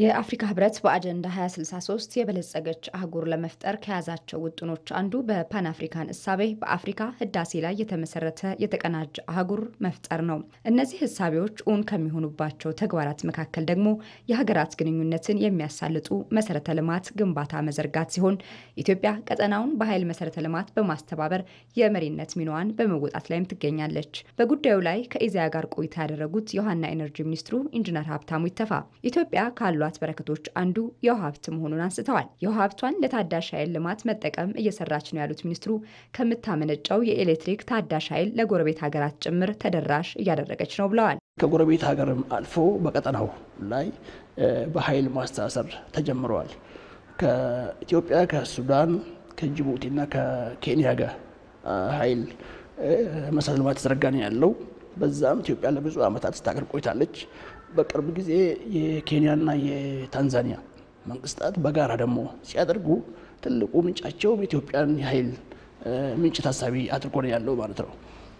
የአፍሪካ ህብረት በአጀንዳ 2063 የበለጸገች አህጉር ለመፍጠር ከያዛቸው ውጥኖች አንዱ በፓን አፍሪካን እሳቤ በአፍሪካ ህዳሴ ላይ የተመሰረተ የተቀናጀ አህጉር መፍጠር ነው። እነዚህ እሳቤዎች እውን ከሚሆኑባቸው ተግባራት መካከል ደግሞ የሀገራት ግንኙነትን የሚያሳልጡ መሰረተ ልማት ግንባታ መዘርጋት ሲሆን ኢትዮጵያ ቀጠናውን በኃይል መሰረተ ልማት በማስተባበር የመሪነት ሚናዋን በመወጣት ላይም ትገኛለች። በጉዳዩ ላይ ከኢዜአ ጋር ቆይታ ያደረጉት የውሃና ኢነርጂ ሚኒስትሩ ኢንጂነር ሀብታሙ ይተፋ ኢትዮጵያ ካሉ ካሏት በረከቶች አንዱ የውሃ ሀብት መሆኑን አንስተዋል። የውሃ ሀብቷን ለታዳሽ ኃይል ልማት መጠቀም እየሰራች ነው ያሉት ሚኒስትሩ ከምታመነጨው የኤሌክትሪክ ታዳሽ ኃይል ለጎረቤት ሀገራት ጭምር ተደራሽ እያደረገች ነው ብለዋል። ከጎረቤት ሀገርም አልፎ በቀጠናው ላይ በኃይል ማስተሳሰር ተጀምረዋል። ከኢትዮጵያ፣ ከሱዳን፣ ከጅቡቲና ከኬንያ ጋር ኃይል መሰረተ ልማት የተዘረጋ ነው ያለው። በዛም ኢትዮጵያ ለብዙ ዓመታት ስታገር ቆይታለች። በቅርብ ጊዜ የኬንያና የታንዛኒያ መንግስታት በጋራ ደግሞ ሲያደርጉ ትልቁ ምንጫቸው ኢትዮጵያን የኃይል ምንጭ ታሳቢ አድርጎ ነው ያለው ማለት ነው።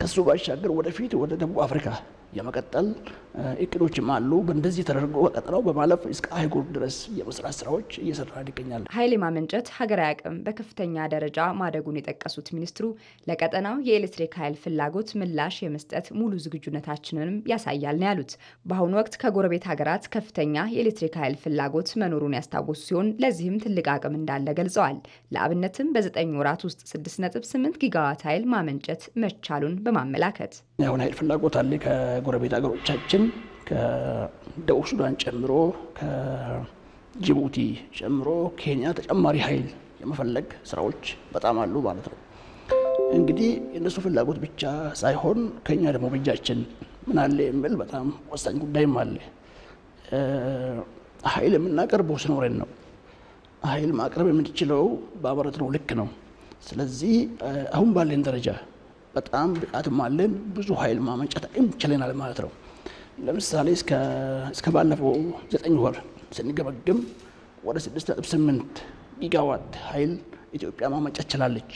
ከሱ ባሻገር ወደፊት ወደ ደቡብ አፍሪካ የመቀጠል እቅዶችም አሉ። በእንደዚህ ተደርጎ በቀጠናው በማለፍ እስከ አህጉር ድረስ የመስራት ስራዎች እየሰራ ይገኛል። ኃይል የማመንጨት ሀገራዊ አቅም በከፍተኛ ደረጃ ማደጉን የጠቀሱት ሚኒስትሩ ለቀጠናው የኤሌክትሪክ ኃይል ፍላጎት ምላሽ የመስጠት ሙሉ ዝግጁነታችንንም ያሳያል ነው ያሉት። በአሁኑ ወቅት ከጎረቤት ሀገራት ከፍተኛ የኤሌክትሪክ ኃይል ፍላጎት መኖሩን ያስታወሱ ሲሆን ለዚህም ትልቅ አቅም እንዳለ ገልጸዋል። ለአብነትም በዘጠኝ ወራት ውስጥ ስምንት ጊጋዋት ኃይል ማመንጨት መቻሉን በማመላከት አሁን ኃይል ፍላጎት አለ ከጎረቤት ሀገሮቻችን ከደቡብ ሱዳን ጨምሮ ከጅቡቲ ጨምሮ ኬንያ ተጨማሪ ኃይል የመፈለግ ስራዎች በጣም አሉ ማለት ነው። እንግዲህ የእነሱ ፍላጎት ብቻ ሳይሆን ከኛ ደግሞ በእጃችን ምን አለ የሚል በጣም ወሳኝ ጉዳይም አለ። ኃይል የምናቀርበው ስኖረን ነው። ኃይል ማቅረብ የምንችለው በአበረት ነው። ልክ ነው። ስለዚህ አሁን ባለን ደረጃ በጣም ብቃትም አለን፣ ብዙ ኃይል ማመንጨት እንችለናል ማለት ነው። ለምሳሌ እስከ ባለፈው ዘጠኝ ወር ስንገመግም ወደ ስድስት ነጥብ ስምንት ጊጋዋት ኃይል ኢትዮጵያ ማመንጨት ችላለች።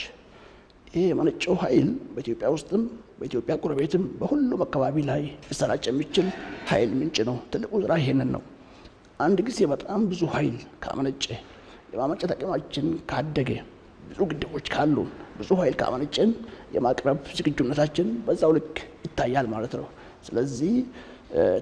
ይህ የመነጨው ኃይል በኢትዮጵያ ውስጥም በኢትዮጵያ ጎረቤትም በሁሉም አካባቢ ላይ ሊሰራጭ የሚችል ኃይል ምንጭ ነው። ትልቁ ስራ ይሄንን ነው። አንድ ጊዜ በጣም ብዙ ኃይል ካመነጨ የማመንጨት አቅማችን ካደገ ብዙ ግድቦች ካሉን ብዙ ኃይል ካመነጭን የማቅረብ ዝግጁነታችን በዛው ልክ ይታያል ማለት ነው። ስለዚህ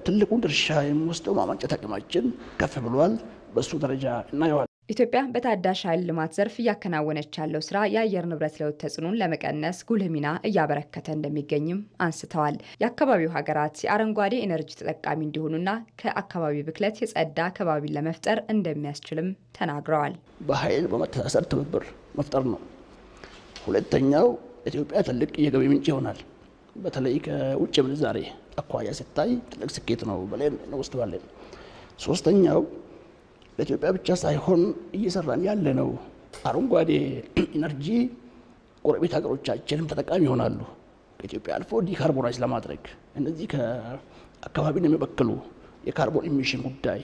ትልቁን ድርሻ የሚወስደው ማመንጨት አቅማችን ከፍ ብሏል። በእሱ ደረጃ እናየዋል። ኢትዮጵያ በታዳሽ ኃይል ልማት ዘርፍ እያከናወነች ያለው ስራ የአየር ንብረት ለውጥ ተጽዕኖን ለመቀነስ ጉልህ ሚና እያበረከተ እንደሚገኝም አንስተዋል። የአካባቢው ሀገራት የአረንጓዴ ኤነርጂ ተጠቃሚ እንዲሆኑና ከአካባቢ ብክለት የጸዳ ከባቢን ለመፍጠር እንደሚያስችልም ተናግረዋል። በኃይል በመተሳሰር ትብብር መፍጠር ነው። ሁለተኛው ኢትዮጵያ ትልቅ የገቢ ምንጭ ይሆናል። በተለይ ከውጭ ምንዛሬ አኳያ ሲታይ ትልቅ ስኬት ነው ብለን እንወስደዋለን። ሶስተኛው ለኢትዮጵያ ብቻ ሳይሆን እየሰራን ያለ ነው አረንጓዴ ኢነርጂ ጎረቤት ሀገሮቻችንም ተጠቃሚ ይሆናሉ። ከኢትዮጵያ አልፎ ዲካርቦናይዝ ለማድረግ እነዚህ ከአካባቢን የሚበክሉ የካርቦን ኢሚሽን ጉዳይ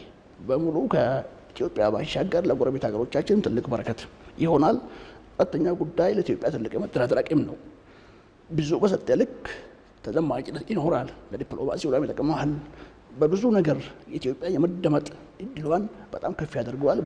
በሙሉ ከኢትዮጵያ ባሻገር ለጎረቤት ሀገሮቻችንም ትልቅ በረከት ይሆናል። ሁለተኛ ጉዳይ ለኢትዮጵያ ትልቅ የመደራደር አቅም ነው። ብዙ በሰጠ ልክ ተዘማጭነት ይኖራል። ለዲፕሎማሲ ላም ይጠቅመሃል። በብዙ ነገር ኢትዮጵያ የመደመጥ እድሏን በጣም ከፍ ያደርገዋል።